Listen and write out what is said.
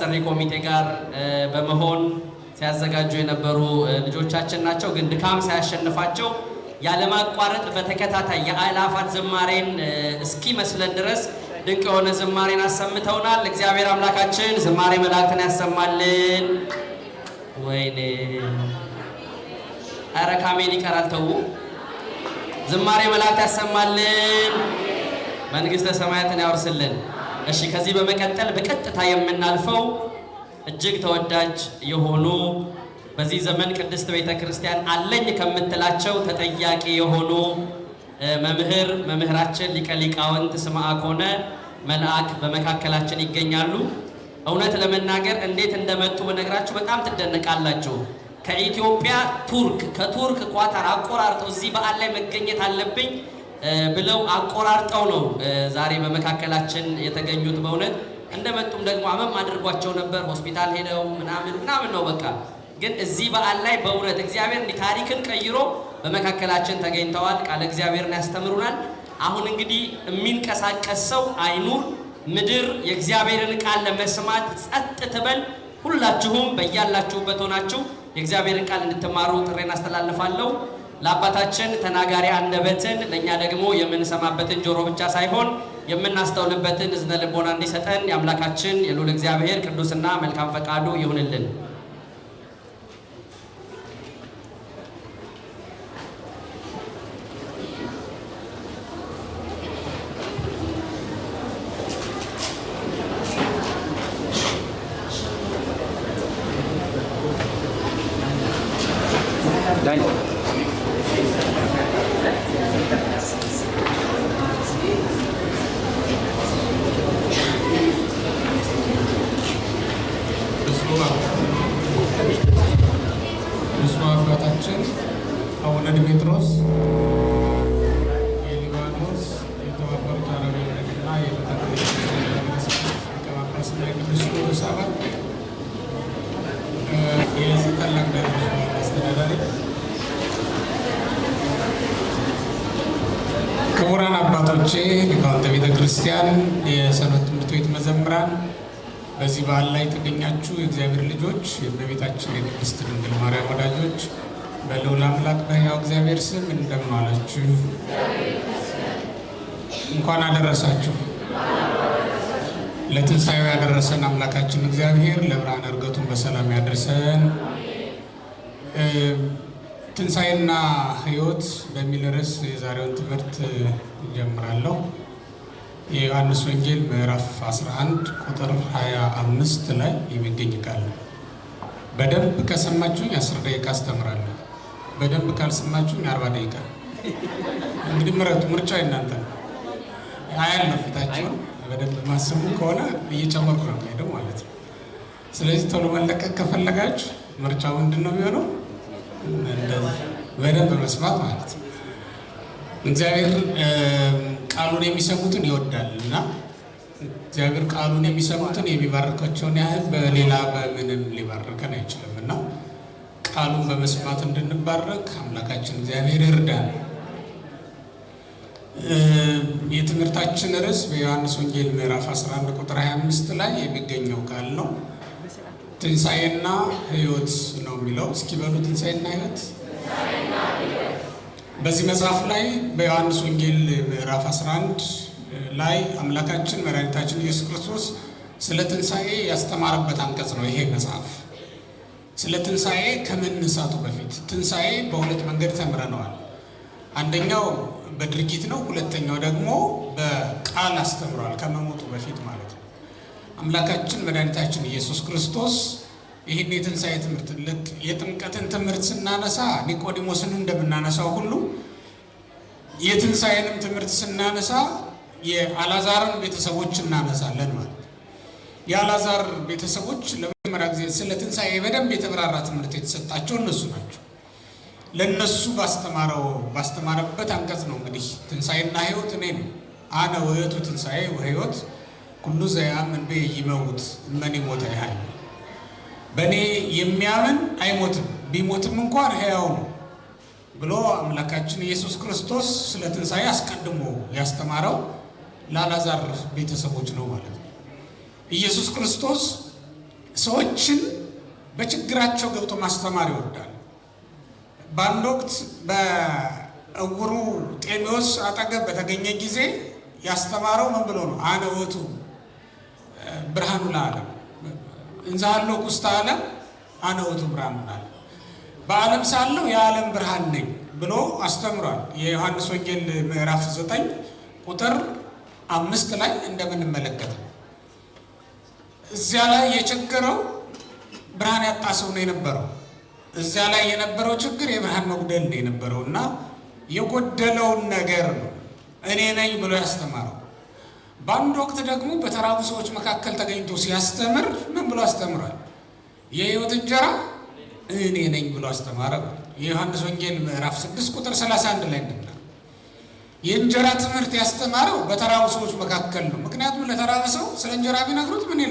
ሰሪ ኮሚቴ ጋር በመሆን ሲያዘጋጁ የነበሩ ልጆቻችን ናቸው። ግን ድካም ሳያሸንፋቸው ያለማቋረጥ በተከታታይ የአእላፋት ዝማሬን እስኪመስለን ድረስ ድንቅ የሆነ ዝማሬን አሰምተውናል። እግዚአብሔር አምላካችን ዝማሬ መላእክትን ያሰማልን። ወይኔ ኧረ ካሜን ይቀራል። ተዉ ዝማሬ መላእክት ያሰማልን፣ መንግስተ ሰማያትን ያወርስልን። እሺ ከዚህ በመቀጠል በቀጥታ የምናልፈው እጅግ ተወዳጅ የሆኑ በዚህ ዘመን ቅድስት ቤተ ክርስቲያን አለኝ ከምትላቸው ተጠያቂ የሆኑ መምህር መምህራችን ሊቀ ሊቃውንት ስምዐ ሆነ መልአክ በመካከላችን ይገኛሉ። እውነት ለመናገር እንዴት እንደመጡ በነገራችሁ በጣም ትደነቃላችሁ። ከኢትዮጵያ ቱርክ፣ ከቱርክ ኳታር አቆራርጠው እዚህ በዓል ላይ መገኘት አለብኝ ብለው አቆራርጠው ነው ዛሬ በመካከላችን የተገኙት። በእውነት እንደመጡም ደግሞ አመም አድርጓቸው ነበር ሆስፒታል ሄደው ምናምን ምናምን ነው በቃ። ግን እዚህ በዓል ላይ በእውነት እግዚአብሔር እንዲህ ታሪክን ቀይሮ በመካከላችን ተገኝተዋል። ቃለ እግዚአብሔርን ያስተምሩናል። አሁን እንግዲህ የሚንቀሳቀስ ሰው አይኑር፣ ምድር የእግዚአብሔርን ቃል ለመስማት ጸጥ ትበል። ሁላችሁም በያላችሁበት ሆናችሁ የእግዚአብሔርን ቃል እንድትማሩ ጥሪ እናስተላልፋለሁ። ለአባታችን ተናጋሪ አንደበትን ለእኛ ደግሞ የምንሰማበትን ጆሮ ብቻ ሳይሆን የምናስተውልበትን እዝነ ልቦና እንዲሰጠን የአምላካችን የልዑል እግዚአብሔር ቅዱስና መልካም ፈቃዱ ይሁንልን። አባታችን አቡነ ዲሜጥሮስ የሊባኖስ የተባበሩት አረብ ኤምሬትና የቤተክርስቲያንስና የቅዱስ የዚህ ታላቅ አስተዳዳሪ፣ ክቡራን አባቶቼ፣ ሊቃውንተ ቤተክርስቲያን፣ የሰንበት ትምህርት ቤት መዘምራን በዚህ በዓል ላይ የተገኛችሁ የእግዚአብሔር ልጆች፣ የእመቤታችን የቅድስት ድንግል ማርያም ወዳጆች በልዑል አምላክ በሕያው እግዚአብሔር ስም እንደምን አላችሁ? እንኳን አደረሳችሁ። ለትንሣኤው ያደረሰን አምላካችን እግዚአብሔር ለብርሃን እርገቱን በሰላም ያደርሰን። ትንሣኤና ሕይወት በሚል ርዕስ የዛሬውን ትምህርት እንጀምራለሁ። የዮሐንስ ወንጌል ምዕራፍ 11 ቁጥር 25 ላይ የሚገኝ ቃል በደንብ ከሰማችሁኝ አስር ደቂቃ አስተምራለሁ። በደንብ ካልሰማችሁ አርባ ደቂቃ እንግዲህ ምረቱ፣ ምርጫ እናንተ ነው። አያለሁ ፊታችሁን በደንብ ማስቡ ከሆነ እየጨመርኩ ነው የምሄደው ማለት ነው። ስለዚህ ቶሎ መለቀቅ ከፈለጋችሁ ምርጫው ምንድን ነው የሚሆነው? በደንብ መስማት ማለት ነው። እግዚአብሔር ቃሉን የሚሰሙትን ይወዳል እና እግዚአብሔር ቃሉን የሚሰሙትን የሚባርካቸውን ያህል በሌላ በምንም ሊባርከን አይችልም እና ቃሉን በመስማት እንድንባረክ አምላካችን እግዚአብሔር ይርዳል። የትምህርታችን ርዕስ በዮሐንስ ወንጌል ምዕራፍ 11 ቁጥር 25 ላይ የሚገኘው ቃል ነው። ትንሣኤና ሕይወት ነው የሚለው። እስኪ በሉ ትንሣኤና ሕይወት። በዚህ መጽሐፍ ላይ በዮሐንስ ወንጌል ምዕራፍ 11 ላይ አምላካችን መድኃኒታችን ኢየሱስ ክርስቶስ ስለ ትንሣኤ ያስተማረበት አንቀጽ ነው ይሄ መጽሐፍ። ስለ ትንሣኤ ከመነሳቱ በፊት ትንሣኤ በሁለት መንገድ ተምረነዋል። አንደኛው በድርጊት ነው፣ ሁለተኛው ደግሞ በቃል አስተምሯል ከመሞቱ በፊት ማለት ነው። አምላካችን መድኃኒታችን ኢየሱስ ክርስቶስ ይህን የትንሣኤ ትምህርት ልክ የጥምቀትን ትምህርት ስናነሳ ኒቆዲሞስን እንደምናነሳው ሁሉ የትንሣኤንም ትምህርት ስናነሳ የአላዛርን ቤተሰቦች እናነሳለን ማለት የአላዛር ቤተሰቦች መጀመሪያ ጊዜ ስለ ትንሣኤ በደንብ የተብራራ ትምህርት የተሰጣቸው እነሱ ናቸው። ለእነሱ ባስተማረው ባስተማረበት አንቀጽ ነው እንግዲህ ትንሣኤና ህይወት እኔ ነው አነ ውእቱ ትንሣኤ ወህይወት ሁሉ ዘያምን በ ይመውት እመኔ ሞተ ያህል በእኔ የሚያምን አይሞትም ቢሞትም እንኳን ህያው ነው ብሎ አምላካችን ኢየሱስ ክርስቶስ ስለ ትንሣኤ አስቀድሞ ያስተማረው ላላዛር ቤተሰቦች ነው ማለት ነው። ኢየሱስ ክርስቶስ ሰዎችን በችግራቸው ገብቶ ማስተማር ይወዳል። በአንድ ወቅት በእውሩ ጤሜዎስ አጠገብ በተገኘ ጊዜ ያስተማረው ምን ብሎ ነው? አነ ውእቱ ብርሃኑ ለዓለም እንዘ ውስተ ዓለም አነ ውእቱ ብርሃኑ ለዓለም፣ በዓለም ሳለው የዓለም ብርሃን ነኝ ብሎ አስተምሯል። የዮሐንስ ወንጌል ምዕራፍ ዘጠኝ ቁጥር አምስት ላይ እንደምንመለከተው እዚያ ላይ የቸገረው ብርሃን ያጣ ሰው ነው የነበረው። እዚያ ላይ የነበረው ችግር የብርሃን መጉደል ነው የነበረው እና የጎደለውን ነገር ነው እኔ ነኝ ብሎ ያስተማረው። በአንድ ወቅት ደግሞ በተራቡ ሰዎች መካከል ተገኝቶ ሲያስተምር ምን ብሎ አስተምሯል? የህይወት እንጀራ እኔ ነኝ ብሎ አስተማረ። የዮሐንስ ወንጌል ምዕራፍ 6 ቁጥር 31 ላይ እንደምና የእንጀራ ትምህርት ያስተማረው በተራቡ ሰዎች መካከል ነው። ምክንያቱም ለተራበ ሰው ስለ እንጀራ ቢነግሩት ምን